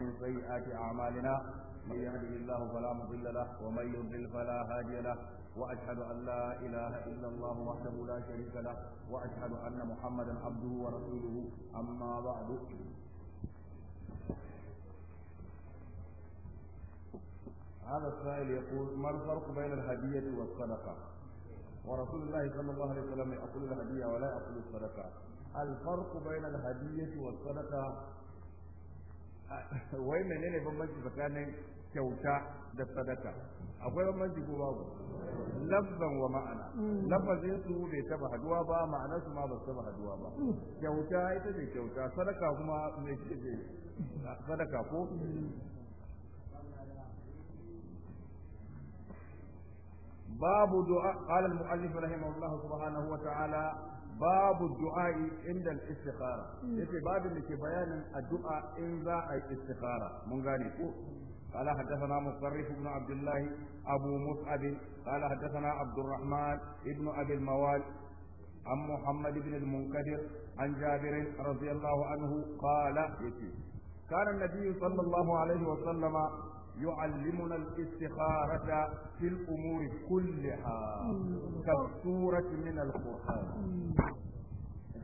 من سيئات أعمالنا من يهده الله فلا مضل له ومن يضلل فلا هادي له وأشهد أن لا إله إلا الله وحده لا شريك له وأشهد أن محمدا عبده ورسوله أما بعد هذا السائل يقول ما الفرق بين الهدية والصدقة ورسول الله صلى الله عليه وسلم يقول الهدية ولا يقول الصدقة الفرق بين الهدية والصدقة wai menene bambanci tsakanin kyauta da sadaka akwai bambanci ko babu lafzan wa ma'ana mm. lafazin su bai taba haduwa ba ma'anar su ma ba taba haduwa ba mm. kyauta ita ce kyauta sadaka kuma mai ce sadaka ko Babu du'a qala al-mu'allif رحمه subhanahu wa ta'ala. babu du'a'i inda al-istikhara yace babin da ke bayanin addu'a in za a yi istikhara mun gane ko قال حدثنا مصرف بن عبد الله أبو مصعب قال حدثنا عبد الرحمن ابن أبي الموال عن محمد بن المنكدر عن جابر رضي الله عنه قال يتي كان النبي صلى الله عليه وسلم يعلمنا الاستخارة في الأمور كلها كالسورة من القرآن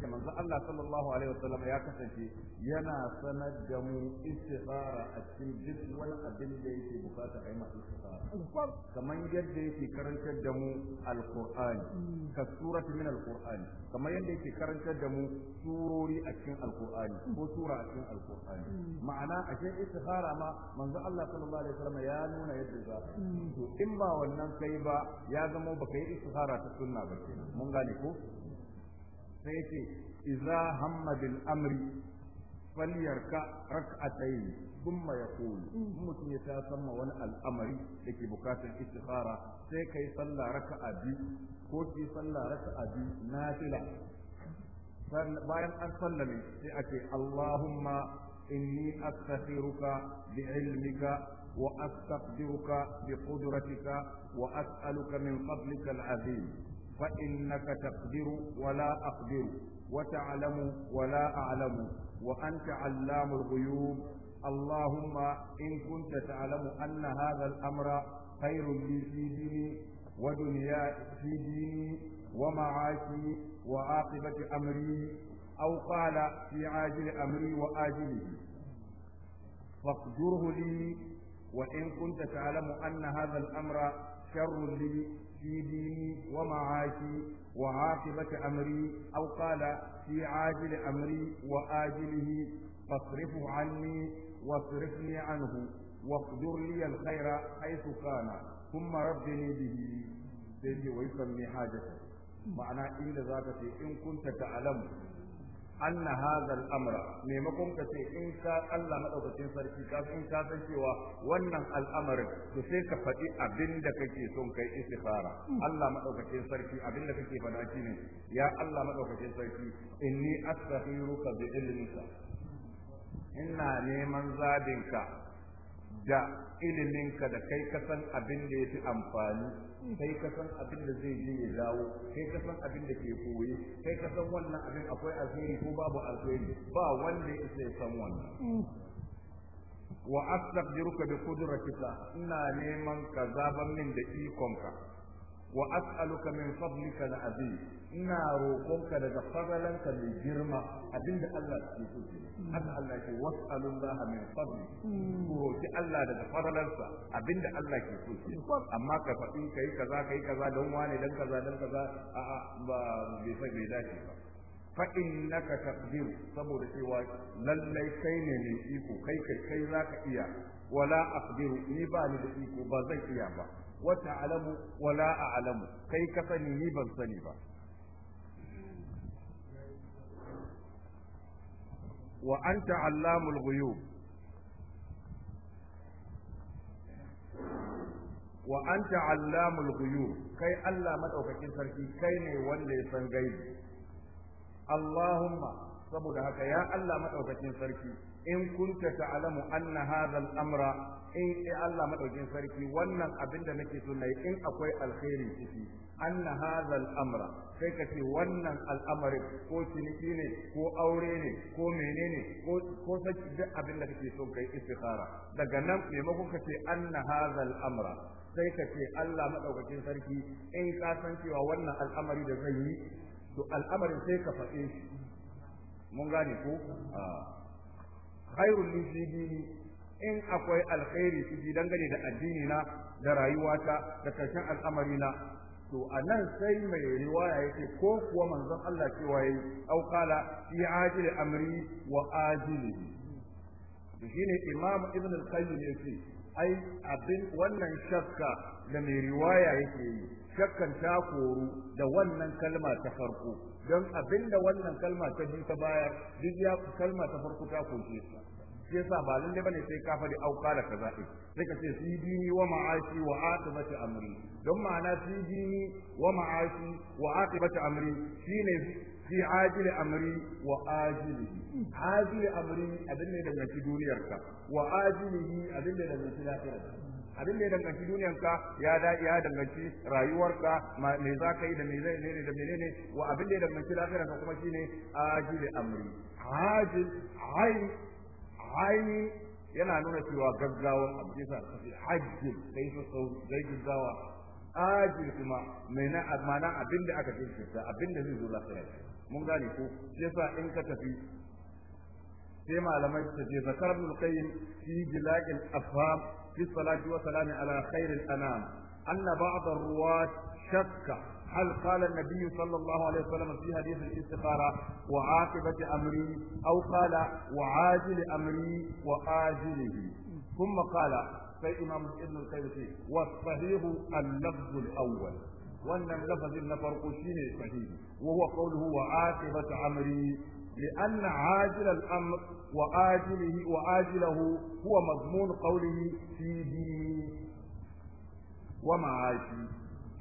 da manzo Allah sallallahu alaihi wasallam ya kasance yana sanar da mu istikhara a cikin duk wani abin da yake bukata a yi masa istikhara kamar yadda yake karantar da mu alqur'ani ka surati min alqur'ani kamar yadda yake karantar da mu surori a cikin alqur'ani ko sura a cikin alqur'ani ma'ana a cikin istikhara ma manzo Allah sallallahu alaihi wasallam ya nuna yadda za to in ba wannan kai ba ya zama baka yi istikhara ta sunna ba kenan mun gane ko sai ce idza hamma bil amri falyarka rak'atayn thumma yaqul mutum ya ta samma wani al'amari dake bukatar istikhara sai kai sallah raka'a biyu ko ki sallah raka'a biyu nafila bayan an sallame sai ake Allahumma inni astaghfiruka bi ilmika wa astaqdiruka bi qudratika wa as'aluka min fadlika al-azim فإنك تقدر ولا أقدر وتعلم ولا أعلم وأنت علام الغيوب اللهم إن كنت تعلم أن هذا الأمر خير لي في ديني ودنياي في ديني ومعاشي وعاقبة أمري أو قال في عاجل أمري وآجله فاقدره لي وإن كنت تعلم أن هذا الأمر شر لي في ديني ومعاشي وعاقبة أمري أو قال في عاجل أمري وآجله فاصرفه عني واصرفني عنه واقدر لي الخير حيث كان ثم ربني به سيدي ويسمي حاجته معنى إن ذاك إن كنت تعلم anna hadha al-amra maimakon ka ce in ka Allah madaukakin sarki ka in ka san cewa wannan al'amarin to sai ka faɗi abinda kake son kai istikhara Allah madaukakin sarki abinda kake faɗa ne ya Allah madaukakin sarki inni astakhiruka bi ilmika ina neman zabinka da iliminka da kai ka san abin da yafi amfani kai ka san abin da zai je ya dawo kai ka san abin da ke koyi kai ka san wannan abin akwai alheri ko babu alheri ba wanda ya isa ya san wannan wa astaqdiruka bi qudratika ina neman ka zaban min da ikonka wa as'aluka min fadlika al'azim ina roƙonka daga fadalanka mai girma abinda Allah ke so ke haka Allah ke was'alu Allah min fadli ku roki Allah abinda Allah ke so ke amma ka faɗi kai kaza kai kaza don wane dan kaza dan kaza a'a ba bai sai bai dace ba fa innaka taqdir saboda cewa lallai kai ne mai iko kai kai kai zaka iya wala aqdiru ni bani da iko ba zai iya ba Wata alamu wa a a'lamu kai ka sani ni ban sani ba wa anta allamul ghuyub wa ghuyub kai Allah madaukakin sarki kai ne wanda ya san gaibi Allahumma saboda haka ya Allah madaukakin sarki in kunta ta'lamu anna hadha al-amra in eh, Allah madaukin sarki wannan abin da nake so nayi in akwai alkhairi ciki anna hadha al-amra sai ka ce wannan al'amari ko ciniki ne ko aure ne ko menene ko ko saki duk abin da kake so kai istikhara daga nan maimakon ka ce anna hadha al'amra amra sai ka ce Allah madaukakin sarki in ka san cewa wannan al'amari da zai yi to al'amarin sai ka faɗe shi mun gane ko ah. khairun li fi dini in akwai alkhairi fi dangane da addini na da rayuwata da karshen al'amarina, to a nan sai mai riwaya yake ko kuwa manzon Allah cewa yayi au qala fi amri wa ajilihi to shine imam ibn al-qayyim yace ai abin wannan shakka da mai riwaya yake yi shakkan ta koru da wannan kalma ta farko don abinda wannan kalma ta ji ta baya duk ya kalma ta farko ta koke sa shi yasa ba lalle bane sai ka fadi au kala kaza din sai ka ce fi dini wa ma'ashi wa aqibati amri don ma'ana fi dini wa ma'ashi wa aqibati amri shine fi ajili amri wa ajili ajili amri abin da da yake duniyarka wa ajili abin da yake lafiyarka abin da ya danganci duniyanka ya da ya danganci rayuwarka me za ka yi da me zai ne da menene wa abin da ya danganci lafiyarka kuma shine ajil amri ajil ai ai yana nuna cewa gaggawan abu yasa sai hajjin sai su sau zai gaggawa ajil kuma na amana abin da aka shi abin da zai zo lafiyar mun gane ko sa in ka tafi sai malamai su ce zakar ibn qayyim fi al afham بالصلاة والسلام على خير الأنام أن بعض الرواة شك هل قال النبي صلى الله عليه وسلم في حديث الاستخارة وعاقبة أمري أو قال وعاجل أمري وآجله ثم قال في إمام ابن القيم والصحيح اللفظ الأول وأن اللفظ النفر farko shine sahihi wa huwa qawluhu wa aqibatu amri وآجله وآجله هو مضمون قوله في ديني ومعاشي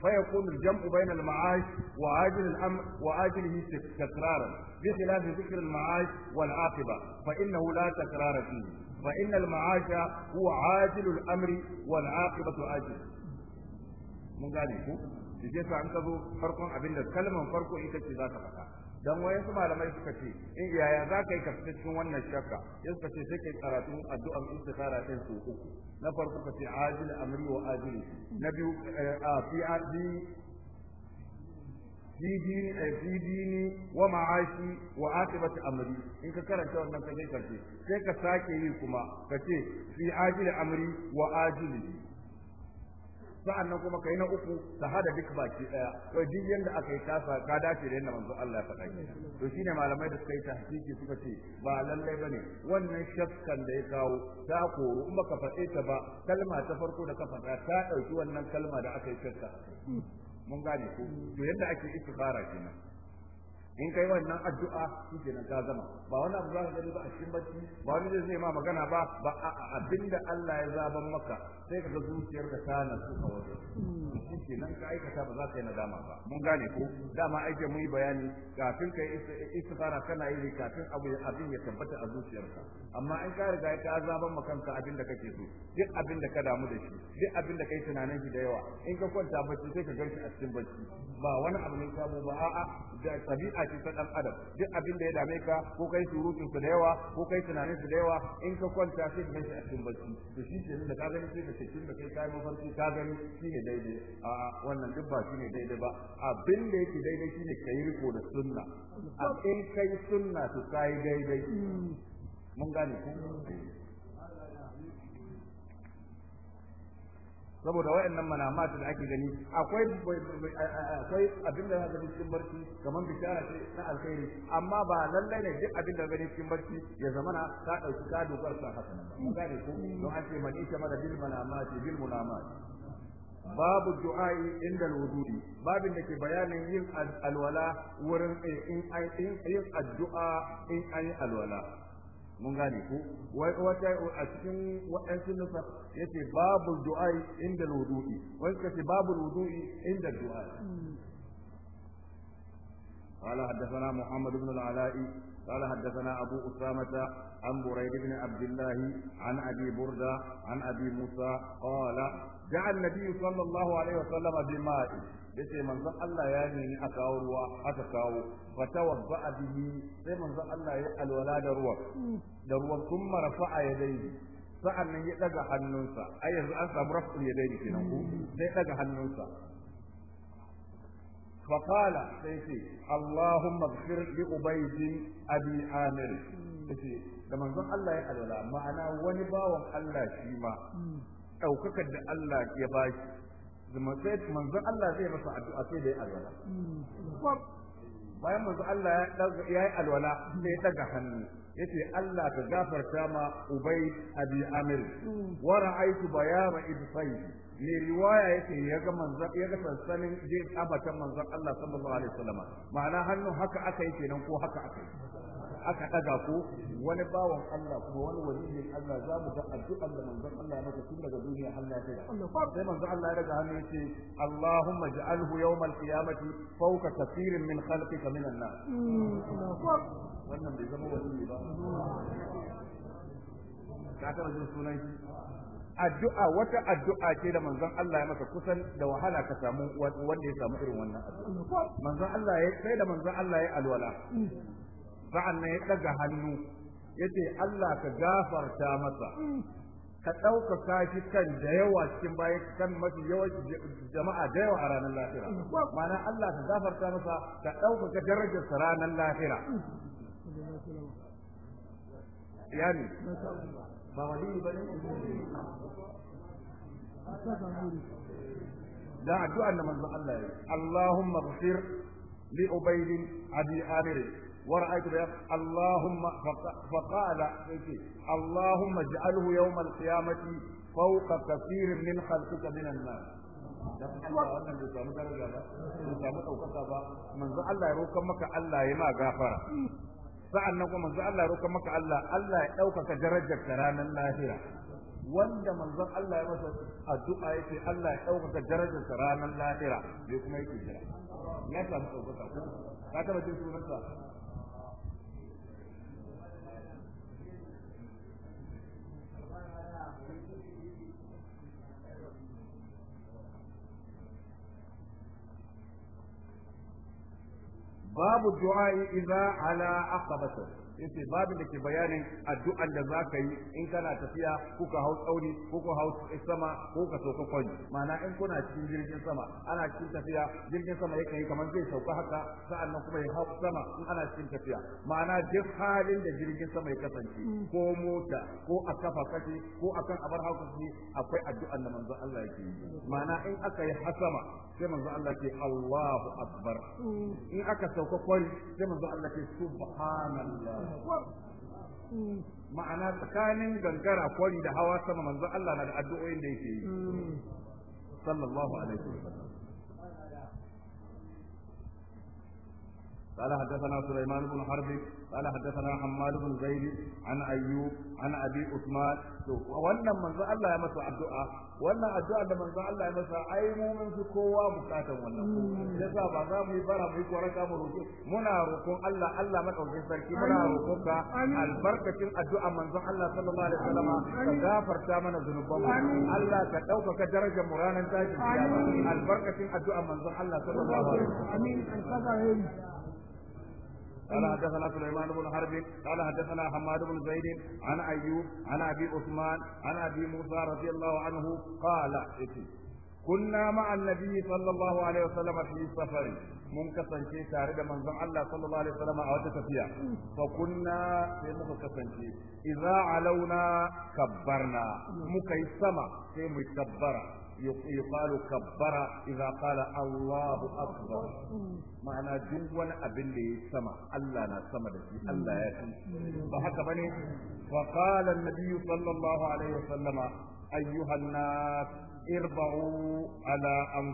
فيكون الجمع بين المعاش وآجل الأمر وآجله تكرارا بخلاف ذكر المعاش والعاقبة فإنه لا تكرار فيه فإن المعاش هو عاجل الأمر والعاقبة آجل من ذلك shi yasa an ka zo farkon abin da kalmar farko ita ce za ta faɗa dan su malamai suka ce in yaya za ka yi ka fita cikin wannan shakka in suka ce sai ka yi karatun addu'ar istikhara ɗin su uku na farko ka ce ajil amri wa ajil na biyu eh, a fi ajil eh, fi dini wa ma'ashi wa aqibati amri in ka karanta wannan ka je sai ka sake yi kuma ka ce fi ajil amri wa ajil sa'an nan kuma kai na uku ta hada duk baki ɗaya to duk yadda aka yi tasa ka dace da yadda manzo Allah ya faɗa to shine malamai da suka yi tahqiqi suka ce ba lallai ba ne wannan shakkan da ya kawo ta koru in baka faɗe ta ba kalma ta farko da ka faɗa ta ɗauki wannan kalma da aka yi shakka mun gane ko to yadda ake fara kenan in kai wannan addu'a kike nan ka zama ba wani abu za ka gani ba a cikin bacci ba wani zai ma magana ba ba a abinda Allah ya zaban maka sai ka ga zuciyar ka ta nasu a wajen shi nan ka aikata ba za ka yi nadama ba mun gane ko dama aike mu yi bayani kafin ka yi kana yi kafin abu abin ya tabbata a zuciyarka amma in ka riga ka zaban maka kanka abin da kake so duk abin da ka damu da shi duk abin da kai tunanin shi da yawa in ka kwanta bacci sai ka ganshi a cikin bacci ba wani abu ne sabo ba a'a da tabi'a ɗabi'a ce ta ɗan adam duk abin da ya dame ka ko kai surutun su da yawa ko kai tunanin su da yawa in ka kwanta sai ka gan shi a cikin barci to shi ke da ka gani sai ka ce kin da kai kai mafarki ka gani shi ne daidai a wannan duk ba shi ne daidai ba abin da yake daidai shi ne kai riko da sunna a in kai sunna to kai yi daidai mun gane ko saboda wayannan manamata da ake gani akwai akwai abin da zaka cikin barci kamar bishara ce na alkhairi amma ba lallai ne duk abin da gani cikin barci ya zamana ka dauki ka dogara ka haka nan ba ko don an ce malika mara bil manamati bil munamati babu du'a'i inda alwudu'i babin da ke bayanin yin alwala wurin eh, in yin addu'a in ayi alwala mun gane ko wata a cikin waɗansu nufa ya ce babu du'ai inda wudu'i wani ka ce babu wudu'i inda du'ai قال حدثنا محمد بن العلاء قال حدثنا أبو أسامة عن بريد بن عبد الله عن أبي بردة عن أبي موسى قال دعا النبي صلى الله عليه وسلم بماء بشي من ذا الله يعني أكاور وأتكاو فتوضأ به بشي من ذا الله يقل يعني ولا دروة دروة ثم رفع يديه فأن يدق حنوسا أي أنسى برفق يديه في نقوم يدق حنوسا فقال سيتي اللهم اغفر لأبيد أبي عامر yace da manzon Allah ya alwala ma'ana wani bawan Allah shi ma daukakar da Allah ya bashi sai manzon Allah zai masa addu'a sai da ya alwala bayan manzon Allah ya yi alwala ya daga hannu yace Allah ka gafarta ma Ubay Abi Amir wa ra'aytu bayama ibsayhi mai riwaya yake ya ga manzon ya ga sansanin jin abatan manzon Allah sallallahu alaihi wasallam ma'ana hannu haka aka yi kenan ko haka aka yi aka daga ko wani bawan Allah kuma wani wani ne Allah za mu ga addu'ar da manzon Allah ya maka tun daga duniya har lafiya sai manzon Allah ya daga hannu yace Allahumma ja'alhu yawmal qiyamati fawqa kathirin min khalqika min an-nas wannan bai zama waliyi ba ka taba jin sunan shi addu'a wata addu'a ce da manzon Allah ya masa kusan da wahala ka samu wanda ya samu irin wannan addu'a manzon Allah ya sai da manzon Allah ya alwala sa'an nan ya daga hannu yace Allah ka gafarta masa ka dauka kashi kan da yawa cikin bayan kan mafi yawa jama'a da yawa a ranar lahira ma'ana Allah ka gafarta masa ka ɗaukaka darajarsa ranar lahira yani ba wali ba ne da addu'ar da manzon Allah ya Allahumma ghfir li ubayd abi amir wa ra'aytu ya Allahumma faqala yake Allahumma ij'alhu yawm al-qiyamati fawqa kathirin min khalqika min an-nas da kuma wannan bai samu daraja ba bai samu ɗaukaka ba manzo Allah ya roƙa maka Allah ya ma gafara sa'an nan kuma Allah maka Allah Allah ya ɗaukaka darajar ka ranar lahira wanda manzon Allah ya masa addu'a yake Allah ya ɗaukaka darajar sa ranar lahira bai kuma yake jira ya samu ɗaukaka ko ka taɓa jin sunansa babu du'a idza ala aqabata yace babin da ke bayanin addu'an da za ka yi in kana tafiya ko ka hau tsauni ko ka hau sama ko ka sauka kwani ma'ana in kuna cikin jirgin sama ana cikin tafiya jirgin sama yake yi kamar zai sauka haka sa'annan kuma ya hau sama in ana cikin tafiya ma'ana duk halin da jirgin sama ya kasance ko mota ko a kafa kace ko akan abar hauka akwai addu'an da manzon Allah yake yi ma'ana in aka yi hasama sai manzo Allah ce Allahu akbar mm. in aka sauka kwari sai manzo Allah ce subhanallah ma'ana tsakanin gangara kwari da hawa sama manzo Allah na da addu'o'in da yake yi mm. sallallahu alaihi wasallam قال حدثنا سليمان بن حرب قال حدثنا حماد بن زيد عن ايوب عن ابي عثمان wannan manzo Allah ya masa addu'a wannan addu'a da manzo Allah ya masa ai mu mun fi kowa bukatan wannan yasa ba za mu yi bara mu yi koraka mu roƙi muna roƙon Allah Allah madaukakin sarki muna roƙon ka albarkacin addu'a manzo Allah sallallahu alaihi wasallam ka gafarta mana zunuban mu Allah ka ɗaukaka darajar mu ranar tashin albarkacin addu'a manzo Allah sallallahu alaihi قال حدثنا سليمان بن حرب قال حدثنا حماد بن زيد عن ايوب عن ابي عثمان عن ابي موسى رضي الله عنه قال كنا مع النبي صلى الله عليه وسلم في سفر mun kasance tare da manzon Allah sallallahu alaihi wasallam a wata tafiya fa kunna sai muka kasance a launa kabbarna muka yi sama sai mu tabbara. yuqalu kabbara idza qala Allahu akbar ma'ana duk wani abin da ya sama Allah na sama da shi Allah ya fi ba haka bane wa qala an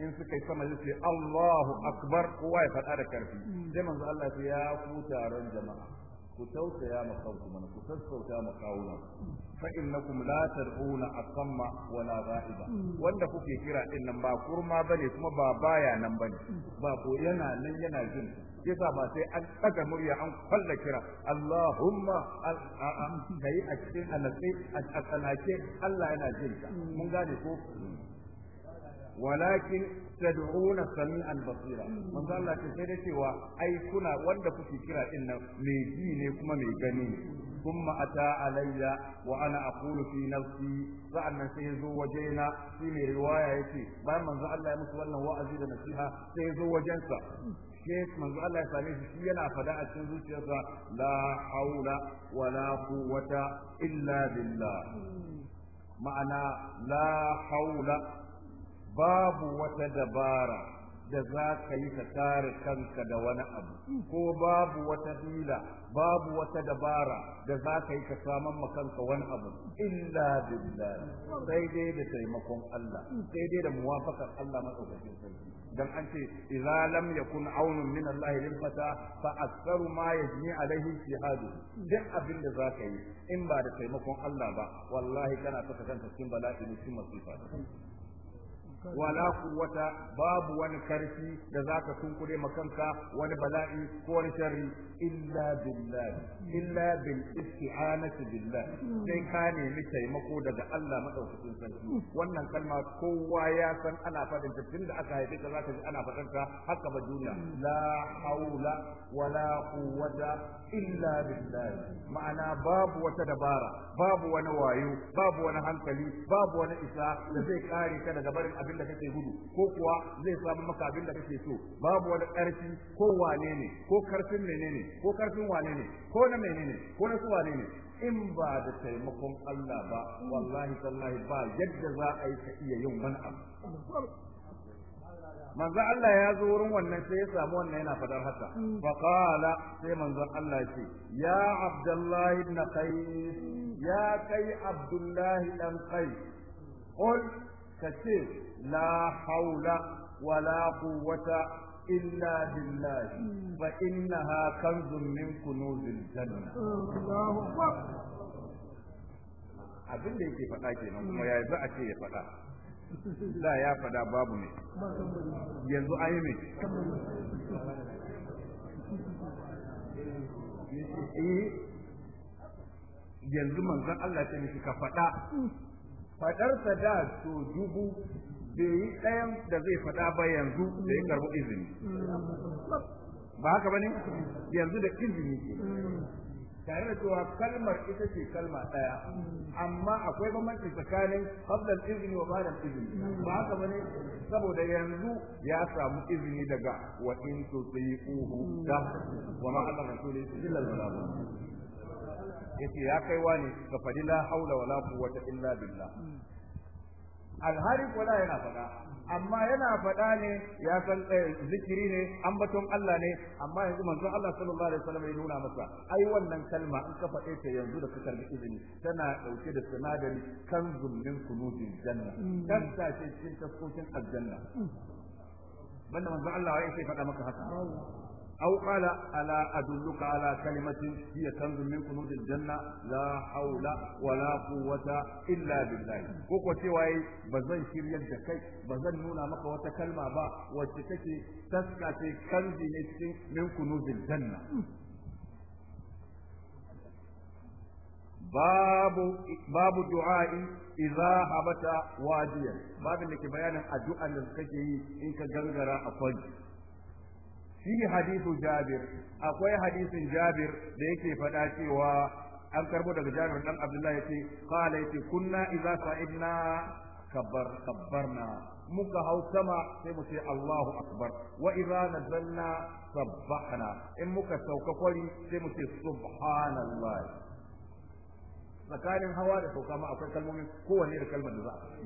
in suka yi sama sai Allahu akbar kowa ya faɗa da karfi sai manzo Allah ya ku taron jama'a ku tausaya ma kanku mana ku sassauta ma kawuna fa innakum la tad'una asamma wala ghaiba wanda kuke kira din nan ba kurma bane kuma ba baya nan bane ba ko yana nan yana jin yasa ba sai an daga murya an kwalla kira Allahumma kai a cikin anasai a tsanace Allah yana jin ka mun gane ko walakin tad'una sami'an basira manzo Allah ce sai dai cewa ai wanda kuke kira din mai ji ne kuma mai gani ne kuma ata alayya wa ana aqulu fi nafsi sa'annan sai yazo wajena shi ne riwaya yace bayan manzo Allah ya musu wannan wa'azi da nasiha sai yazo wajensa sai manzo Allah ya same shi shi yana fada a cikin zuciyarsa la haula wala quwwata illa billah ma'ana la babu wata dabara da za ka yi ka kare kanka da wani abu ko babu wata hila babu wata dabara da za ka yi ka saman kanka wani abu illa billah sai dai da taimakon Allah sai dai da muwafaqar Allah madaukakin sarki dan an ce idza lam yakun aunun min Allah lil fata fa aktharu ma yajni alaihi jihad duk abin da za ka yi in ba da taimakon Allah ba wallahi kana saka kanka cikin bala'i cikin masifa wala wata babu wani karfi da zaka tunkure makanka wani bala'i ko wani sharri illa billah illa bil isti'anati billah sai ka nemi taimako daga Allah madaukakin sarki wannan kalma kowa ya san ana fadin ta tunda aka haife ka zaka ji ana fadan ta haka ba duniya la haula wala quwwata illa billah ma'ana babu wata dabara babu wani wayo babu wani hankali babu wani isa da zai kare ka daga barin abin da kake gudu ko kuwa zai samu maka abin da kake so babu wani ƙarfi ko wane ne ko karfin menene ko karfin wane ne ko na menene ko na su wane ne in ba da taimakon Allah ba wallahi tallahi ba yadda za a yi ka iya yin wani abu manzo Allah ya zo wurin wannan sai ya samu wannan yana fadar haka fa qala sai manzo Allah ce ya Abdullah ibn Qais ya kai abdullahi dan Qais qul kace la haula wala quwwata إلا بالله فإنها كنز من كنوز الجنة الله أكبر abin da yake faɗa kenan kuma ya za a ce ya faɗa da ya faɗa babu ne yanzu an yi ne yanzu manzon Allah ce miki ka faɗa faɗarsa da to dubu bai yi ɗayan da zai faɗa ba yanzu da ya karɓi izini ba haka ba ne yanzu da izini tare da cewa kalmar ita ce kalma ɗaya amma akwai bambanci tsakanin hablan izini wa ba'da izini ba haka bane saboda yanzu ya samu izini daga wa in tusiquhu da wa ma Allah rasuli illa billah yace ya kai wani ka fadila haula wala quwwata illa billah ko da yana faɗa amma yana faɗa ne ya san eh, zikiri ne an ambaton Allah ne amma yanzu manzon Allah sallallahu alaihi wasallam ya nuna masa ai wannan kalma in ka faɗe ta yanzu da ka izini tana dauke da sinadari mm. kan min kunudin janna kan ta ce cikin tafkokin aljanna banda manzon Allah ya sai faɗa maka haka أو قال ألا أدلك على كلمة هي كنز من كنوز الجنة لا حول ولا قوة إلا بالله وقوة تيواي بزن شريا جكي بزن نونا مقوة كلمة با وتكتي تسكتي كنز من كنوز الجنة باب babu du'a'i idza habata wadiyan babin da ke bayanin addu'an da kake yi fihi hadithu jabir akwai hadisin jabir da yake faɗa cewa an karbo daga jabir dan abdullahi yace qala yace kunna idza sa'idna kabbar kabbarna muka hau sama sai mu ce Allahu akbar wa idza nazalna sabbahna in muka sauka kwari sai mu ce subhanallah tsakanin hawa da sauka ma akwai kalmomin kowanne da kalmar da za a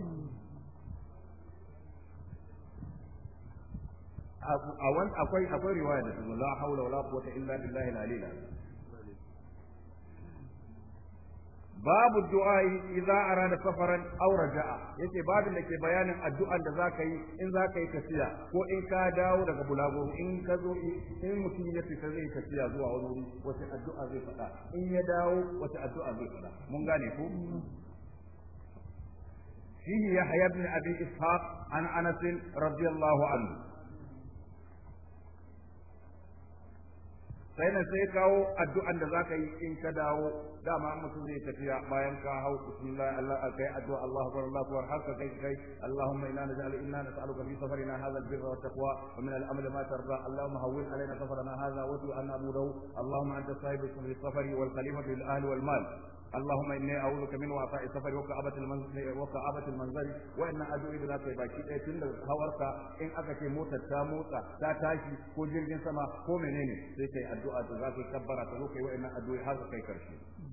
a wani akwai akwai riwaya da su la haula wala quwwata illa billahi al-aliyyil azim babu du'a idza arada safaran aw raja'a yace babin da ke bayanin addu'an da zaka yi in zaka yi tafiya ko in ka dawo daga bulago in ka zo in mutum ya fita zai tafiya zuwa wani wuri wace addu'a zai faɗa in ya dawo wace addu'a zai faɗa mun gane ko fihi yahya ibn abi ishaq an anas radiyallahu anhu sai na sai kawo addu'an da zaka yi in ka dawo dama mutum zai tafiya bayan ka hau bismillah Allah kai addu'a Allahu akbar Allahu akbar har kai kai Allahumma inna naj'alu inna nas'aluka fi safarina hadha albirra wat taqwa wa min al-amali ma tarda Allahumma hawwin alaina safarana hadha wa tu anna mudaw Allahumma anta sahibu safari wal khalifatu lil ahli wal mal اللهم اني اعوذ بك من وعطاء السفر وكعبة المنزل وكعبة المنزل وان ادعو الى ذاك باكي دai tun da hawarka in aka ce motar ta motsa ta tashi ko jirgin sama ko menene sai kai addu'a da za ka kabbara ka zo kai wa'annan addu'a har kai karshe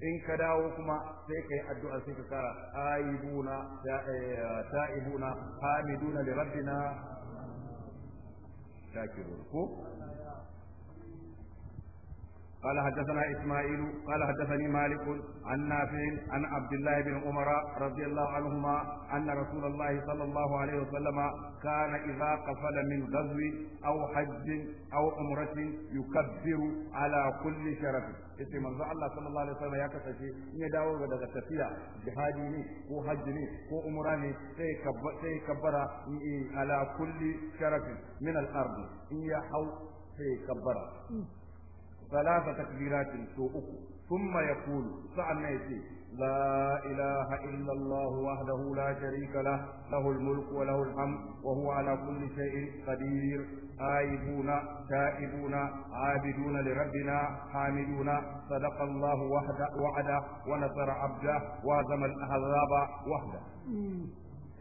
in ka dawo kuma sai kai addu'a sai ka kara aibuna ta'ibuna hamiduna li rabbina shakirun ko قال حدثنا إسماعيل قال حدثني مالك عن نافع عن عبد الله بن عمر رضي الله عنهما أن رسول الله صلى الله عليه وسلم كان إذا قفل من غزو أو حج أو عمرة يكبر على كل شرف ya kasashe in ya dawo daga tafiya jihadi ne ko hajji ne ko umra sai kabba sai kabbara ala kulli min al in ya hau sai ثلاث تكبيرات سوء ثم يقول سعنا يسي لا إله إلا الله وحده لا شريك له له الملك وله الحمد وهو على كل شيء قدير آيبون تائبون عابدون لربنا حامدون صدق الله وحده وعده ونصر عبده وهزم الأحزاب وحده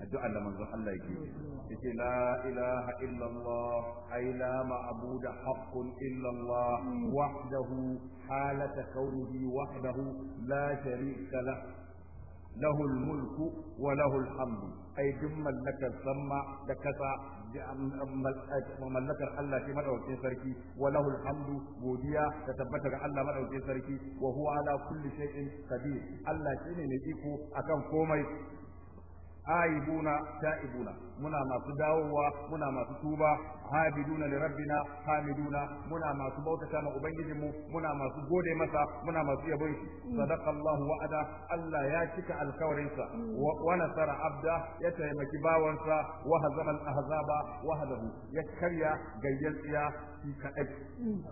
addu'ar da manzo Allah yake yace la ilaha illallah ay la ma'bud haqqun illallah wahdahu halata kaunihi wahdahu la sharika lah له الملك وله الحمد أي دم ملك السماء دكتا mallakar Allah ce madaukakin sarki wa lahul godiya da tabbata ga Allah madaukakin sarki wa huwa ala kulli shay'in qadir Allah shine mai iko kan komai aibuna ta'ibuna muna masu dawowa muna masu tuba habiduna li rabbina hamiduna muna masu bautata ma ubangijinmu muna masu gode masa muna masu yabon shi mm. sadaqallahu wa'ada Allah ya cika alkawarinsa wa nasara abda ya taimaki bawansa wa hazama al-ahzaba wahdahu ya karya gayyan tsiya kadai mm.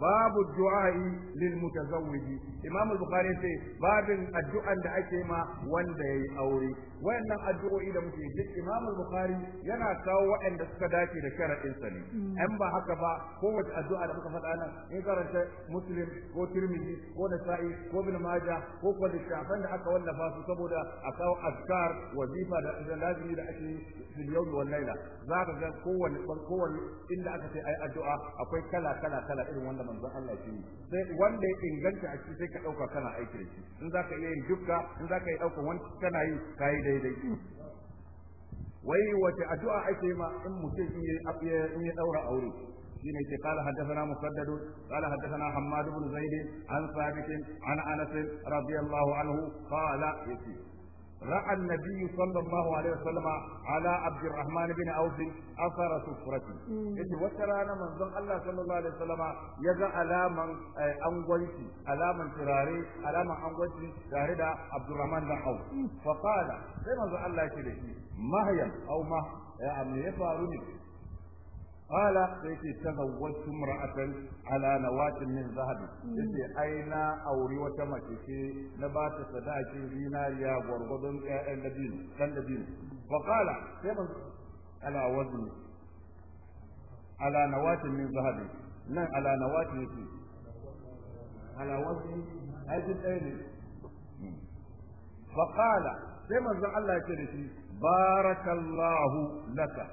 babu du'a'i lil mutazawwiji imam al-bukhari sai babin addu'an da ake ma wanda yayi aure wayannan addu'o'i da muke duk imam al-bukhari yana kawo waɗanda suka dace da sharadin sani ne an mm. ba haka ba kowace addu'a da muka faɗa nan in karanta muslim ko tirmidhi ko nasa'i ko ibn majah ko ko da da aka wallafa su saboda a kawo azkar wazifa da lazimi da ake fil yawm za ka ga kowanne kowanne inda aka ce ai addu'a akwai kala kala kala irin wanda manzon Allah shi sai wanda ya inganta a cikin sai ka dauka kana aiki da shi in za ka iya yin dukka in za ka yi dauka wani kana yi yi daidai wai wace addu'a ake ma in ce in ya daura aure shine yake qala hadathana musaddad qala hadathana hammad ibn zaid an an anhu qala yati راى النبي صلى الله عليه وسلم على عبد الرحمن بن عوف اثر سفرته يجي وترانا من ذن الله صلى الله عليه وسلم يجا علاما انغوتي علاما تراري علاما انغوتي تاردا عبد الرحمن بن عوف فقال زي ما الله كده ما هي او ما ya abu ya faru ne قال سيتي تزوجت امرأة على نواة من ذهب يتي أين أوري وتمشي نبات يا ديناريا يا الذين كالذين فقال على وزن على نواة من ذهب لا على نواة يتي على وزن أجل أين فقال سيما الله يتي بارك الله لك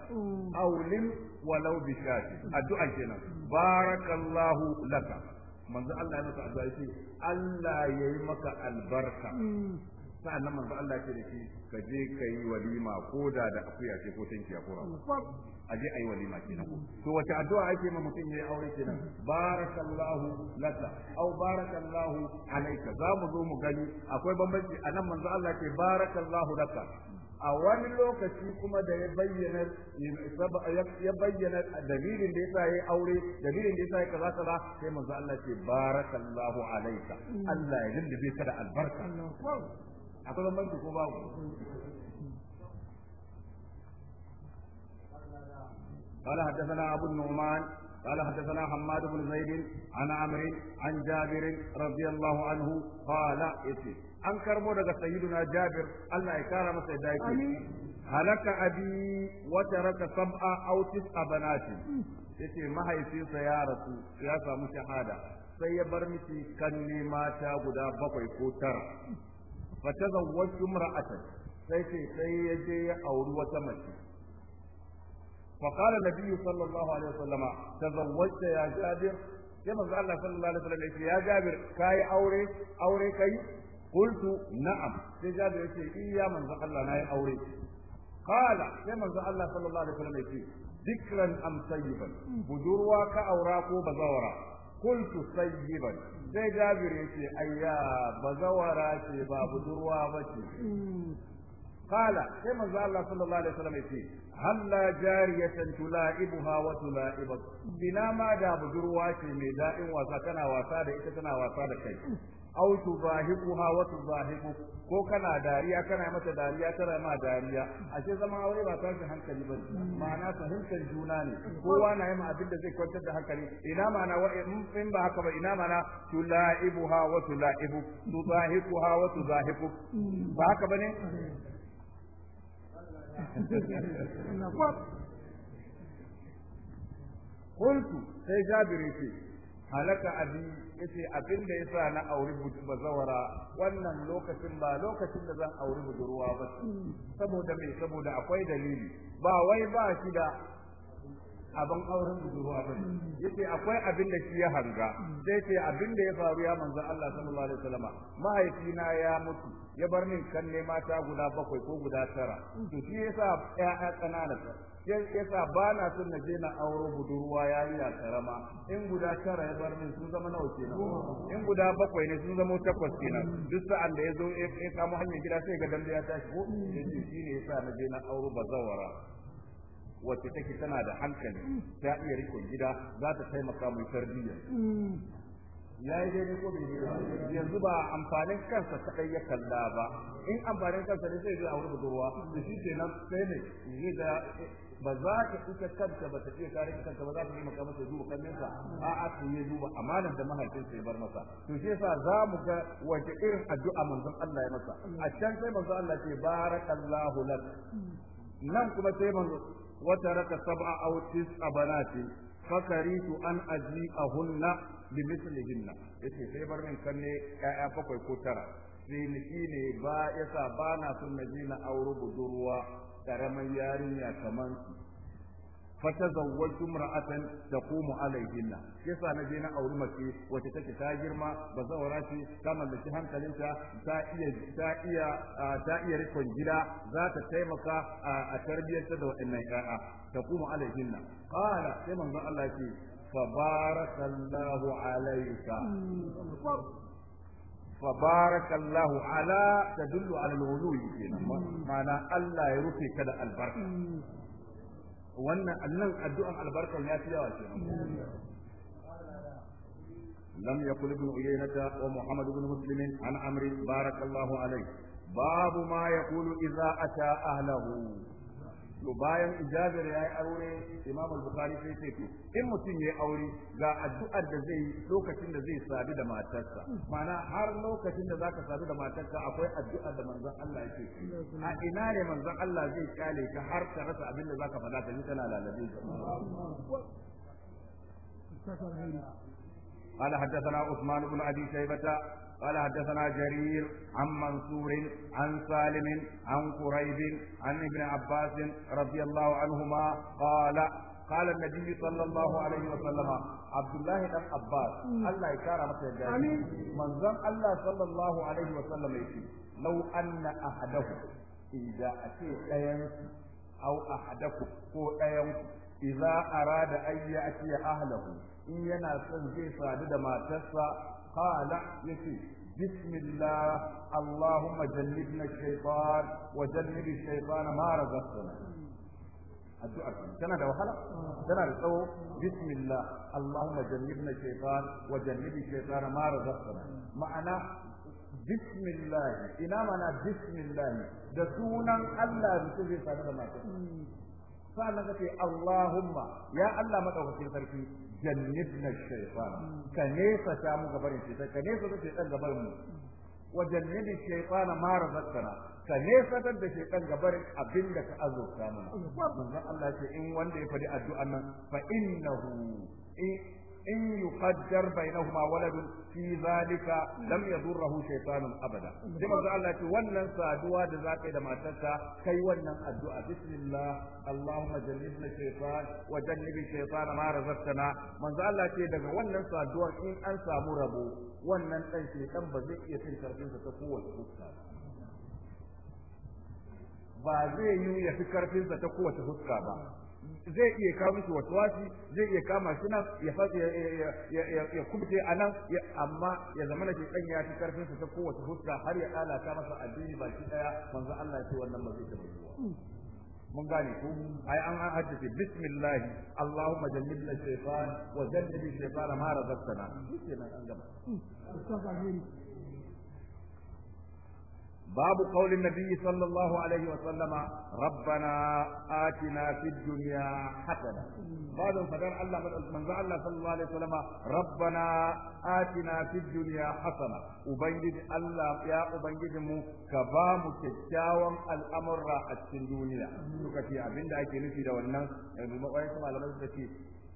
أولم walau bi shati addu'a kenan barakallahu laka manzo Allah ya maka addu'a yace Allah yayi maka albarka mm. sa'annan manzo Allah ya ce da shi ka je kai walima ko da da akuya ce ko tankiya ya rawa a je ayi walima kenan to wace addu'a ake ma mutum ya yi aure kenan barakallahu laka au barakallahu alayka za mu zo mu gani akwai bambanci anan manzo Allah ya ce barakallahu laka a wani lokaci kuma da ya bayyana ya bayyana dalilin da yasa yayi aure dalilin da yasa yayi kaza kaza sai manzo Allah ce barakallahu alayka Allah ya lullube ka da albarka akwai bambanci ko babu قال حدثنا ابو النعمان قال حدثنا حماد بن زيد عن عمرو عن جابر رضي الله عنه قال يتي an karbo daga sayyiduna jabir Allah ya kara masa yadda yake halaka abi wa taraka sab'a aw tis'a banatin yace mahaifinsa ya rasu ya samu shahada sai ya bar miki kanne mata guda bakwai ko tara fa tazawwaju imra'atan sai ce sai ya je ya auri wata mace فقال النبي صلى الله عليه وسلم تزوجت يا جابر كما قال الله صلى الله عليه وسلم يا جابر كاي أوري أوري كاي قلت نعم يا جابر يقول إيا من الله ناي أوري قال كما قال الله صلى الله عليه وسلم يقول ذكرا أم سيبا بدروا كأوراق بزورا قلت سيبا يا جابر يقول ce بزورا ba zawara ce ba قال sai قال الله صلى الله عليه وسلم halla هل tulaibuha wa tulaibak bina ma da budurwa ce mai daɗin wasa kana wasa da ita kana wasa da kai ko kana dariya kana mata dariya tana ma dariya ashe zama aure ba tashin hankali ba. ma'ana fahimtar juna ne kowa na yi abin da zai kwantar da hankali ina ma'ana wa in ba haka ba ina ma'ana tulaibuha wa tulaibu ha wa ba haka bane Kuntu sai jabiri ce, halaka abi yace abin da yasa na auri bazawara wannan lokacin ba lokacin da zan auri budurwa ba saboda me saboda akwai dalili ba wai ba shi da abin auren budurwa ba ne yace akwai abin da shi ya hanga sai ce abin da ya faru ya manzo Allah sallallahu alaihi wasallama mahaifina ya mutu ya bar min kan nema mata guda bakwai ko guda tara to shi yasa ƴaƴa kanana yasa ba na son na je na auro budurwa yi a karama in guda tara ya bar min sun zama nawa kenan in guda bakwai ne sun zama takwas kenan duk sa'an da ya zo ya samu hanyar gida sai ga dambe ya tashi ko yace shi ne yasa na je na auro bazawara wacce take tana da hankali ta iya rikon gida za ta taimaka mai tarbiyya ya yi daidai ko bai yanzu ba amfanin kansa kai ya kalla ba in amfanin kansa ne zai auri budurwa da shi ke nan sai ne zai da ba za ka ita kanta ba ta iya kare kanta ba za ta yi maka masa duba kanninsa a a ta yi duba amanar da mahaifin sai bar masa to shi yasa za mu ga wace irin addu'a manzon Allah ya masa a can sai manzon Allah ce barakallahu lak nan kuma sai manzon وترك سبع أو تسع بنات فكريت أن أجيئهن بمثلهن يتي سيبر من كني يا فكوي في نكين ne ba yasa bana son دروا je na auri budurwa fatazawwaju imra'atan taqumu alayhinna yasa na je na auri mace wacce take ta girma ba zawara ce ta mallaki hankalinta ta iya ta iya ta iya rikon gida za ta taimaka a tarbiyyar da waɗannan ƴaƴa taqumu alayhinna qala sai manzon Allah ya ce fa fabarakallahu alayka فبارك الله على تدل على الغلو معنى الله يرفي كذا البركه Wannan annan, addu'an albarkan ya siya wasu, amma. Zan iya kuli biyu a yin adaka ko muhammadurin musulmin al'amir Barakallahu alaih, babu ma ya kula ina a sha'a to bayan ijazar ya yi aure imam al-bukhari sai ce to in mutum ya yi aure ga addu'ar da zai lokacin da zai sadu da matarsa mana har lokacin da zaka sadu da matarka akwai addu'ar da manzon Allah yake a ina ne manzon Allah zai kale ka har ka rasa abin da zaka faɗa ka ji kana lalabe قال حدثنا عثمان بن ابي شيبه قال حدثنا جرير عن منصور عن سالم عن قريب عن ابن عباس رضي الله عنهما قال قال النبي صلى الله عليه وسلم عبد الله بن عباس الله يكرم مثل من زم الله صلى الله عليه وسلم يقول لو أن أحدهم إذا أتي أيام أو أحدكم هو أيام إذا أراد أن يأتي أهله in yana son zai sadu da matarsa قال يتي بسم الله اللهم جنبنا الشيطان وجنب الشيطان ما رزقتنا الدعاء تنا ده وخلا تنا ده بسم الله اللهم جنبنا الشيطان وجنب الشيطان ما رزقتنا معنى بسم الله ina mana بسم الله da sunan Allah mutum zai sadu da mata sannan ka ce Allahumma ya Allah madaukakin sarki jannibna shaytan ka nesa ta mu gabarin shi ka nesa ta dan gabar mu wa jannibi shaytan ma rabbana ka nesa ta da shi shaytan gabarin abinda ka azurta mana manzon Allah ce in wanda ya fadi addu'an nan fa innahu in يقدر بينهما ولد في ذلك لم يضره شيطان abada لما manzo Allah ce wannan saduwa da zaka yi da matarka kai wannan addu'a bismillah allahumma jannibna shaytan wa jannibi daga wannan saduwar in an samu rabo wannan dan shaytan ba zai ba zai yi ya fi karfinsa ta kowace huska ba zai iya kawo wasu wasi, zai iya kama shi nan ya fasa ya kubce a nan amma ya zama na shekan ya fi karfin sa ta kowace huska har ya lalata masa addini baki daya manzo Allah ya ce wannan ba zai taba yiwuwa mun gane ko ai an haddace bismillah allahumma jannibna shaytan wa jannibi shaytan ma razaqtana shi an gaba hmm. باب قول النبي صلى الله عليه وسلم ربنا آتنا في الدنيا حسنة بعد فدر الله من الله صلى الله عليه وسلم ربنا آتنا في الدنيا حسنة وبنجد الله يا وبنجد مو كبام كتاوم الأمر في الدنيا سكتي أبين دعيك نفيد والناس ويسمع لما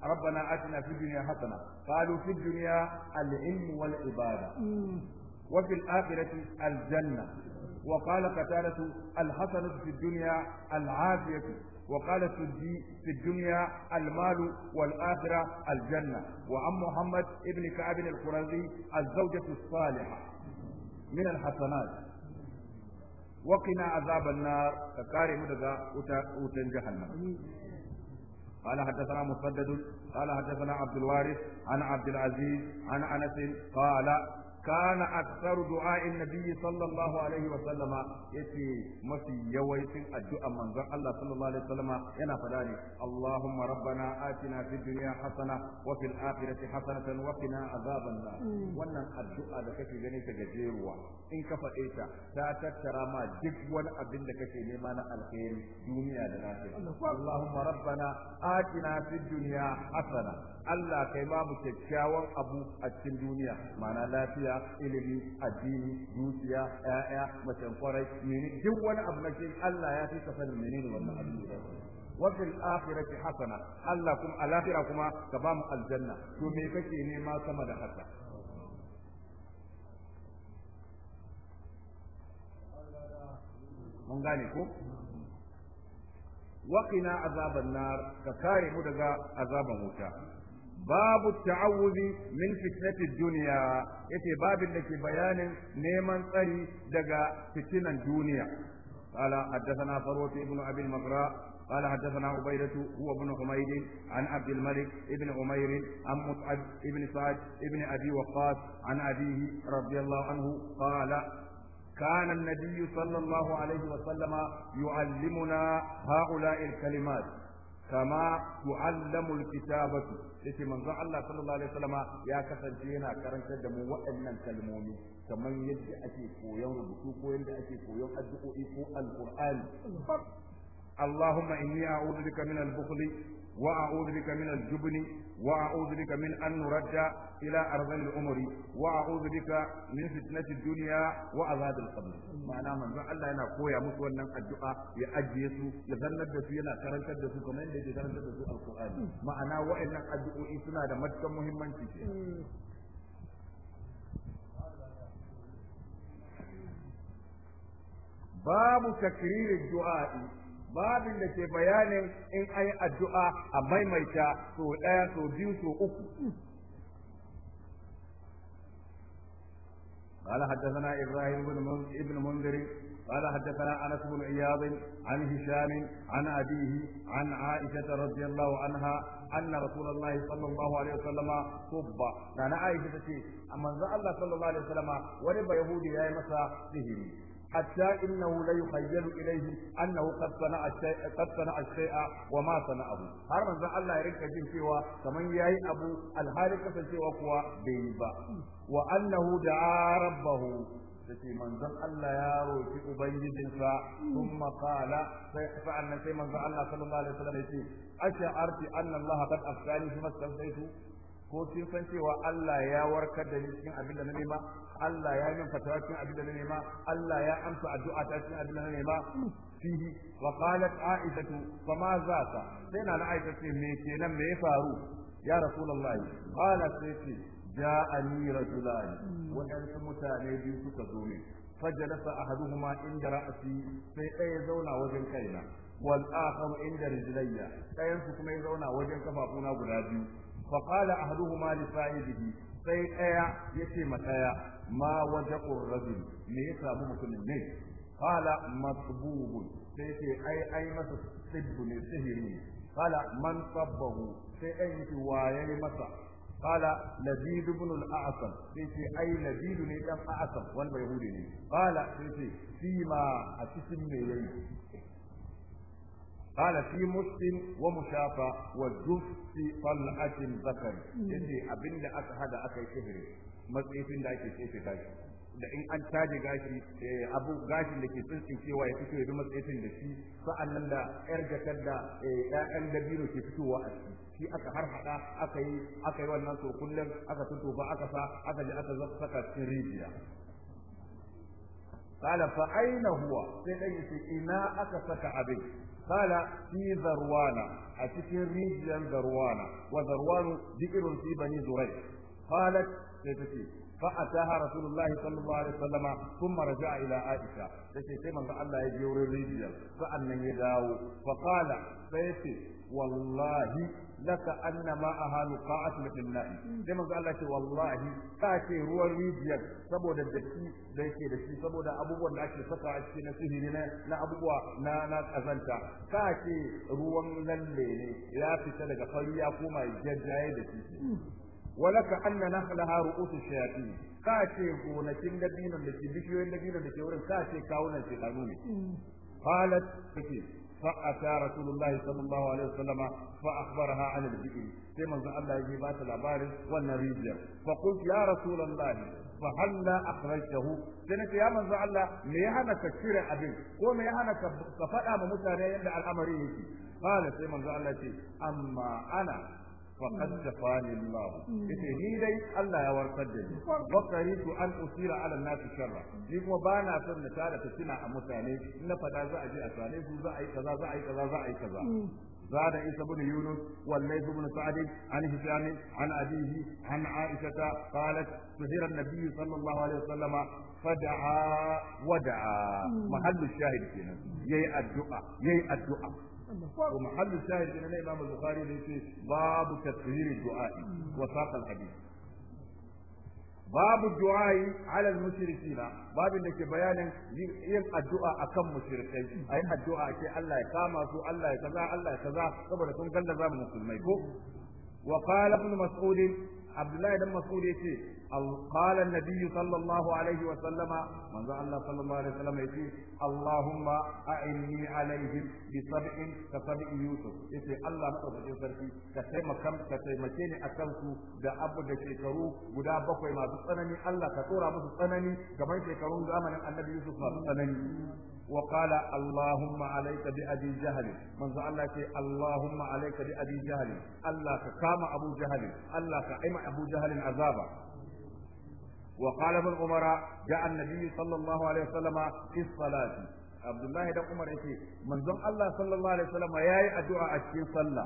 ربنا آتنا في الدنيا حسنة قالوا في الدنيا العلم والعبادة وفي الآخرة الجنة وقال قتالة الحسنة في الدنيا العافية وقال السدي في الدنيا المال والآخرة الجنة وعن محمد ابن كعب القرظي الزوجة الصالحة من الحسنات وقنا عذاب النار فكاري مدغا وتن جهنم قال حدثنا مسدد قال حدثنا عبد الوارث عن عبد العزيز عن انس قال kana aktsaru du'a'in nabiyyi sallallahu alaihi wa sallama yace mafi yawaitin addu'a manzon Allah sallallahu alaihi wa sallama yana fada ne Allahumma rabbana atina fid dunya hasana wa fil akhirati hasanatan wa qina azaban na, hmm. wannan addu'a da kake gani ta gajeruwa in ka faɗe ta tattara ma duk wani abin da kake nema na alkhairi duniya da lafiya Allahumma rabbana hasana Allah kai babu kyakkyawan abu a cikin duniya ma'ana lafiya ilimi addini dukiya ƴaƴa macen kwarai mene duk wani abu na cikin Allah ya fi kasan menene wannan abu wa fil akhirati hasana Allah kuma al kuma ka ba mu aljanna to me kake nema sama da haka mun gane ko waƙina azaban nar ka kare mu daga azaban wuta babu ta'awuzi min fitnatid duniya yace babin da ke bayanin neman tsari daga fitinan duniya قال حدثنا فروة بن أبي المقراء قال حدثنا عبيدة هو بن حميد عن عبد الملك بن عمير عن مصعب بن سعد بن أبي وقاص عن أبيه رضي الله عنه قال كان النبي صلى الله عليه وسلم يعلمنا هؤلاء الكلمات kama tu'allamul kitabatu yace manzon Allah sallallahu alaihi wasallama ya kasance yana karantar da mu waɗannan kalmomi kamar yadda ake koyon rubutu ko yadda ake koyon addu'o'i ko alqur'ani اللهم إني أعوذ بك من البخل وأعوذ بك من الجبن وأعوذ بك من أن نرد إلى أرض العمر وأعوذ بك من فتنة الدنيا وعذاب القبر معناه من ذا الله ينا كويا مسوانا الدعاء يأجيسو يظن دسو ينا كرنت دسو كمان يجي كرنت دسو القرآن معناه وإن الدعاء إسنا هذا سنا مهم من مهما باب تكرير الدعاء babin da ke bayanin in ayi addu'a a maimaita sau ɗaya sau biyu sau uku قال حدثنا ابراهيم بن ابن منذر قال حدثنا انس بن اياض عن هشام عن ابيه عن عائشه رضي الله عنها ان رسول الله صلى الله عليه وسلم صب انا عائشه اما الله صلى الله عليه وسلم ولب يهودي يا مسا حتى إنه لا يخيل إليه أنه قد صنع الشيء قد صنع الشيء وما صنعه هر من ذا الله يرك جن سوى كمن ياي أبو الهالك سوى قوى بيبا وأنه دعا ربه sai manzon Allah ya roki ubangijinsa thumma qala sai fa'anna sai manzon Allah sallallahu alaihi wasallam yace ash'arti anna Allah qad afsani fi ko sun san cewa Allah ya warkar da ni cikin abin da na nema Allah ya min fatawa cikin abin da na nema Allah ya amsa addu'a ta cikin abin da na nema fihi wa qalat aishatu fa ma za ta sai na na aisha ce me kenan me ya faru ya rasulullahi qala sai ce ja'ani rajulan wa an mutane biyu suka zo min fajalasa ahaduhuma inda ra'si sai ɗaya zauna wajen kaina wal akhar inda rijlayya ɗayan su kuma ya zauna wajen kafafuna guda biyu فقال أحدهما jiki sai ɗaya ya ce ma ɗaya ma waje rajul me ya samu mutumin ne kala masbubun sai ce ai ai masa sibbu ne sihiri kala man sabbahu sai ɗan yake waye masa kala labid ibn al-a'sam sai ce ai labid ne dan a'sam wanda yahudi ne kala sai ce sima a cikin mai yayi قال في مسلم ومشافى وجف طلعة ذكر يجي أبن لأك هذا أكي شهر مصيفين لأك شهر داشي da in an caje gashi abu gashin da ke tsintsin cewa ya fito ya bi matsayin da shi sa'an nan da yar jakar da ƴaƴan dabino ke fitowa a ciki shi aka har hada aka yi aka yi wannan so kullum aka fito ba aka sa aka ji aka saka cikin rijiya qala fa aina huwa sai dai ce ina aka saka abin قال في ذروان أتكر رجلا ذروان وذروان ذكر في بني زريع قالت تتكي فأتاها رسول الله صلى الله عليه وسلم ثم رجع إلى عائشة تتكي كما الله يجيور الرجل فأنا يداو فقال فيتي والله laka anna ma'aha luqa'at min nar sai manzo Allah ce wallahi ka ce ruwan rijiyar saboda datti da yake da shi saboda abubuwan da ake saka a cikin sihiri na na abubuwa na na kazanta ka ce ruwan lalle ne ya fita daga fari ya koma jajjaye da shi walaka anna nahlaha ru'usu shayatin ka ce gonakin dabinon da ke bishiyoyin da ke wurin ka ce kawunan shekaru ne hmm. qalat فأتى رسول الله صلى الله عليه وسلم فأخبرها عن البئر كما الله يجي بات العبار والنريجة فقلت يا رسول الله فهل لا أخرجته سنك يا من الله ميهانا تكفير أبي وميهانا كفأة ممتانين الأمر قال سيما الله أما أنا faqad tafani Allah yace ni dai Allah ya warkar da ni bakaritu an usira ala nas sharra ni kuma ba na son na tada fitina a mutane na faɗa za a je a sane su yi kaza za yi kaza za a yi kaza زاد عيسى بن يونس والليث بن سعد عن هشام عن أبيه عن عائشة قالت سهر النبي صلى الله عليه وسلم فدعا ودعا محل الشاهد هنا يي الدعاء يي الدعاء ومحل الشاهد ان الامام البخاري ليس باب تطهير الدعاء Babu الحديث halar الدعاء على المشركين da ke bayanin yin addu'a akan mushrikai ayi addu'a ce Allah ya kama Allah ya kaza Allah ya kaza saboda sun gallaza mu musulmai ko وقال ابن مسعود abdullahi dan mas'ud yace qala an-nabiy sallallahu alaihi wa sallama manzo Allah sallallahu alaihi wa sallama yace Allahumma a'inni alaihim bi sab'in ka sab'i yusuf yace Allah madaukakin sarki ka taimaka ka taimake ni akan su da abu da shekaru guda bakwai masu tsanani Allah ka tsora musu tsanani gaban shekarun zamanin annabi yusuf masu tsanani وقال اللهم عليك بأبي جهل من ذا الله كي اللهم عليك بأبي جهل الله كام أبو جهل الله كأم أبو جهل عذابا وقال ابن عمر جاء النبي صلى الله عليه وسلم في الصلاة عبد الله بن عمر يقول من ذا الله صلى الله عليه وسلم يا أدعى أشكي صلى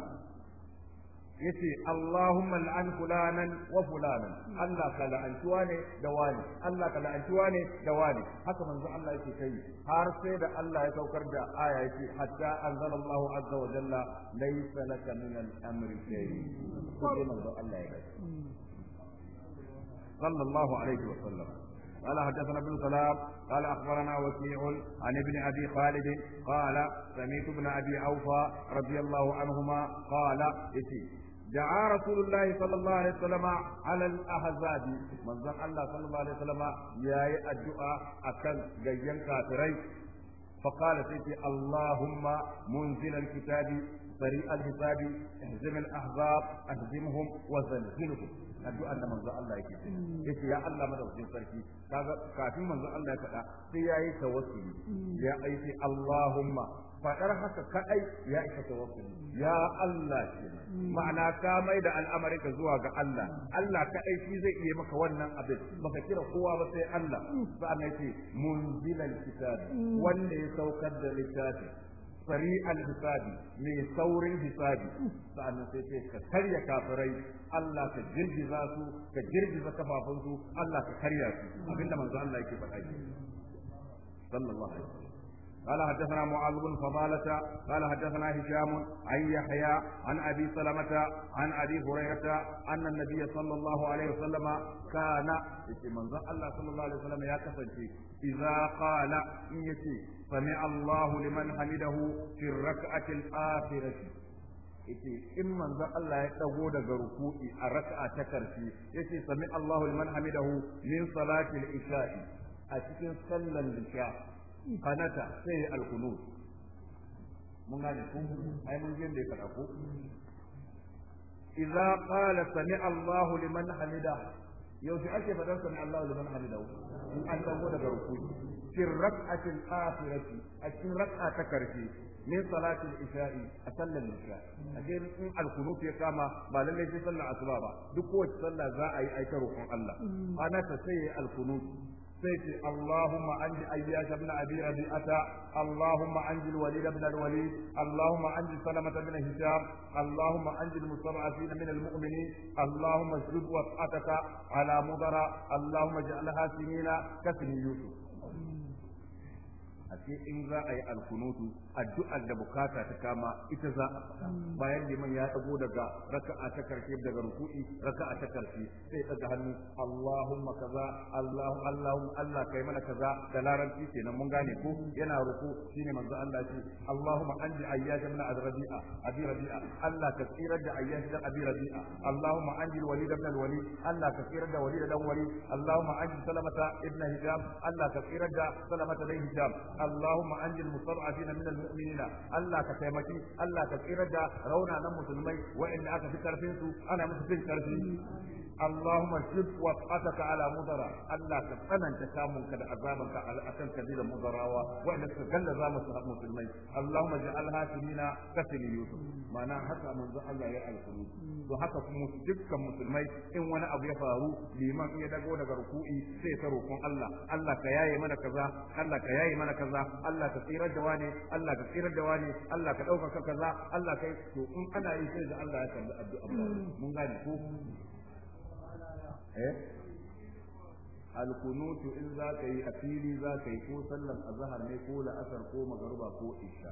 yace Allahumma la'an fulanan wa fulanan Allah ka la'anci wane da wane Allah ka la'anci wane da wane haka manzo Allah yake kai har sai da Allah ya saukar da aya yake hatta anzalallahu azza wa jalla laysa laka min al-amri shay'un sai manzo Allah ya kai sallallahu alaihi wa sallam قال حدثنا ابن سلام قال اخبرنا وكيع عن ابن ابي خالد قال سمعت ابن ابي اوفى رضي الله عنهما قال اتي da'a rasulullahi sallallahu alaihi wasallam ala al-ahzab manzon Allah sallallahu alaihi wasallam yayi addu'a kan gayyan kafirai فقال سيدي اللهم منزل الكتاب سريع الحساب اهزم الاحزاب اهزمهم وزلزلهم addu'ar da manzo Allah yake yace ya Allah madaukakin sarki kaga kafin manzo Allah ya faɗa sai yayi tawassuli ya aiki Allahumma faɗar haka kadai ya isa tawassuli ya Allah ma'ana ka mai da al'amarin ka zuwa ga Allah Allah kadai shi zai iya maka wannan abin baka kira kowa ba sai Allah sa'an yace munzilal kitab wanda ya saukar da littafi sari hisabi mai saurin hisabi sa'annan sai ce ka karya kafirai Allah ka girgiza su ka girgiza kafafun su Allah ka karya su abinda manzo Allah yake faɗa sallallahu alaihi wasallam قال حدثنا معاذ بن فضالة قال حدثنا هشام عن يحيى عن أبي سلمة عن أبي هريرة أن النبي صلى الله عليه وسلم كان في الله صلى الله عليه وسلم يا كفنتي إذا قال إن يتي سمع الله لمن حمده في الركعة الآخرة yace in manzo Allah ya dago daga ruku'i a raka'a ta karshe yace sami Allahu liman hamidahu min salati al-isha'i a cikin sallan isha kanata sai al-qunut mun gane kun ai mun je da kada ko idza qala sami Allahu liman hamidahu yau shi ake fadar sami Allahu liman hamidahu in an dago daga ruku'i cikin rak'atin akhirati a cikin rak'a ta karfe ne salatin isha'i a sallar nisha a ga in alkunuf ya kama ba lalle sai sallar asuba ba duk kowace sallah za a yi aikar rukun Allah ana ta sai alkunuf sai ce Allahumma anji ayyash ibn abi rabi'ata Allahumma anji walid ibn al-walid a ce in za a yi alkunutu addu'ar da bukata ta kama ita za a faɗa bayan liman ya tsago daga raka'a ta karshe daga ruku'i raka'a ta karshe sai daga hannu Allahumma kaza Allahu Allahumma Allah kai mana kaza da larabci kenan mun gane ko yana ruku shine manzo Allah ce Allahumma anji ayyash min azrabi'a abi rabi'a Allah ka tsira da ayyash da abi rabi'a Allahumma anji walid ibn wali. Allah ka tsira da walid dan walid Allahumma anji salamata ibn hijab Allah ka tsira da salamata dai hijab اللهم انجل المستضعفين من المؤمنين الله كتيمكي الله كتيرجا رونا نمو سلمي وإن أكا في كرفين أنا مسلم كرفين اللهم شف وطأتك على مضرة الله تفنن تكامنك لأزامك على أكل كبير مضرة وإنك تجل زامة مسلمين اللهم اجعلها سنين كسل يوسف معناها حتى من ذا الله يرعى الخلود وحتى دكا مسلمين إن وانا أبو يفارو لمن يدقو لك ركوئي سيتركم الله الله كياي من كذا الله كياي من كذا الله تسير الدواني الله تسير الدواني الله كدوفك كذا الله كي إن أنا يسير الله يسير الدعاء من غير Eh? alkunutu in za ka yi asiri za ka yi ko sallar azahar ne ko la'asar ko magaruba ko isha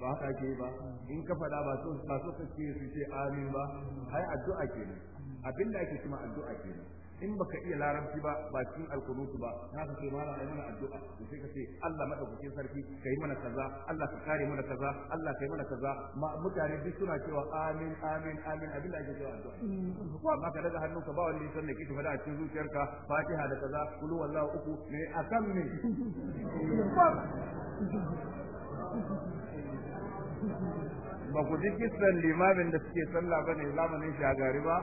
ba haka ke ba in ka fada ba so ba so ce su ce amin ba Hai addu'a kenan abinda ake kuma addu'a kenan in baka iya larabci ba ba cikin alkunutu ba na ka ce ma ai mana addu'a to sai ka ce Allah madaukakin sarki kai mana kaza Allah ka kare mana kaza Allah kai mana kaza ma mutane duk suna cewa amin amin amin abin da ake cewa addu'a ko amma ka daga hannu ka ba wani ya ne kike tafi cikin zuciyarka Fatiha da kaza kulu wallahu uku ne akan ne ba ku ji kisan limamin da suke sallah ba ne zamanin shagari ba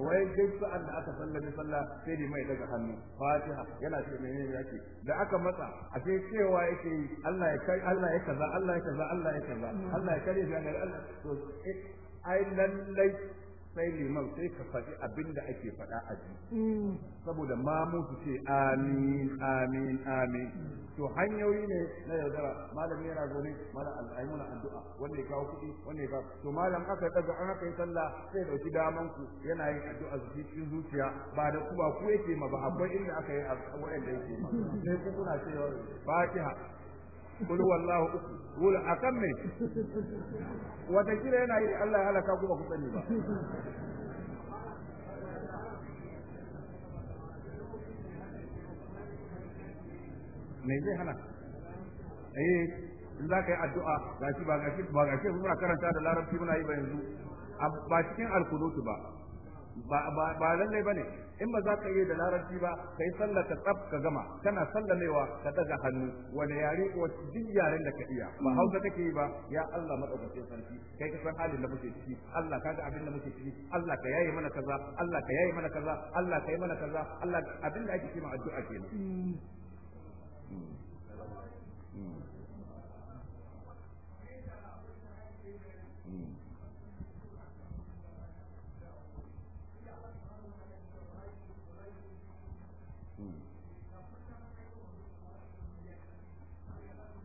wai duk sa'an da aka sallame sallah sai da mai daga hannu fatiha yana ce menene yake da aka matsa a ce cewa yake Allah ya kai Allah ya kaza Allah ya kaza Allah ya kaza Allah ya kare shi Allah to eh, ai lallai sai liman sai ka faɗi abin da ake faɗa a ji mm. saboda ma musu ce amin amin amin to hanyoyi ne na yaudara malam yana gobe malam al'ayi addu'a wanda ya kawo kuɗi wanda ya kawo to malam aka ɗaga an aka yi sallah sai ɗauki daman ku yana yin addu'a su cikin zuciya ba da ku ba ku yake ma ba akwai inda aka yi a wa'anda yake ma sai ku kuna cewa fatiha kul wallahu uku a kan me wata kira yana yi Allah ya halaka kuma ku sani ba me zai hana eh in za ka yi addu'a ga shi ba ga shi ba ga shi muna karanta da larabci muna yi ba yanzu ba cikin alkudutu ba ba lallai bane in ba za ka yi da larabci ba kai sallar ka tsaf ka gama kana sallamewa ka daga hannu wani yare wa duk yaren da ka iya ba hausa take yi ba ya Allah madaukakin sarki kai ka san halin da muke ciki Allah ka ga abin da muke ciki Allah ka yaye mana kaza Allah ka yaye mana kaza Allah ka yi mana kaza Allah abin da ake cewa addu'a kenan mm. Mm. Mm.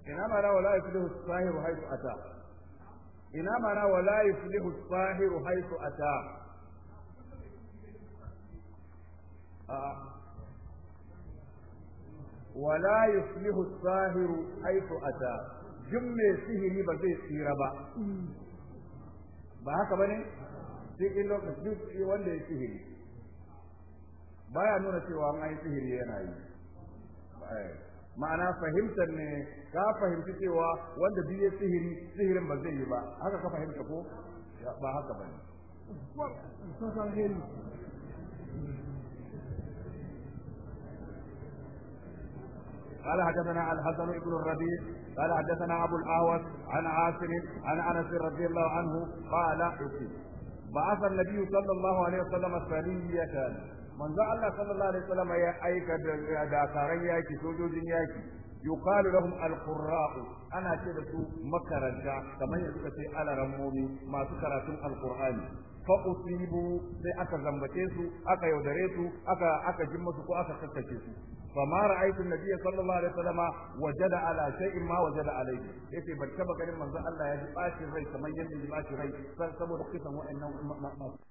ina ma na wala yuflihu sahiru haythu ata ina ma na wala yuflihu sahiru haythu ata wala yuflihu sahiru haythu ata duk mai sihiri ba zai tsira ba ba haka bane sai in lokacin duk wanda ya sihiri baya nuna cewa an yi sihiri yana yi ma'ana fahimtar ne ka fahimci cewa wanda biye sihiri sihirin ba zai yi ba haka ka fahimta ko ba haka bane قال حدثنا الحسن بن الربيع قال حدثنا ابو الاعوج عن عاصم عن انس رضي الله عنه قال بعث النبي صلى الله عليه وسلم سرية manzo Allah sallallahu alaihi wasallam ya aika da dakaran yaki sojojin yaki yuqalu lahum alqurra'u ana ce da su makaranta kamar yadda suka ce alarammomi masu karatun alqur'ani fa usibu sai aka zambace su aka yaudare su aka aka jin musu ko aka kakkace su fa ma ra'aytu nabiyya sallallahu alaihi wasallam wajada ala shay'in ma wajada alayhi yace ban taba ganin manzo Allah ya ji bacin rai kamar yadda ya ji rai saboda kisan wa'annan